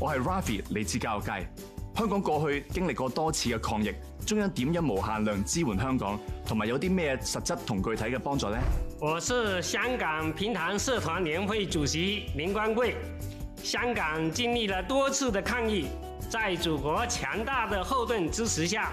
我係 Ravi，嚟自教育界。香港過去經歷過多次嘅抗疫，中央點樣無限量支援香港，同埋有啲咩實質同具體嘅幫助呢？我是香港平潭社團聯會主席林官貴。香港經歷了多次的抗疫，在祖國強大的後盾支持下。